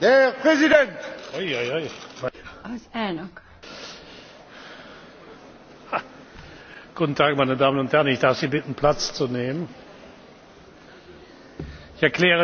Der Präsident! Az elnök. Guten Tag, meine Damen und Herren. Ich darf Sie bitten, Platz zu nehmen. Ich erkläre die.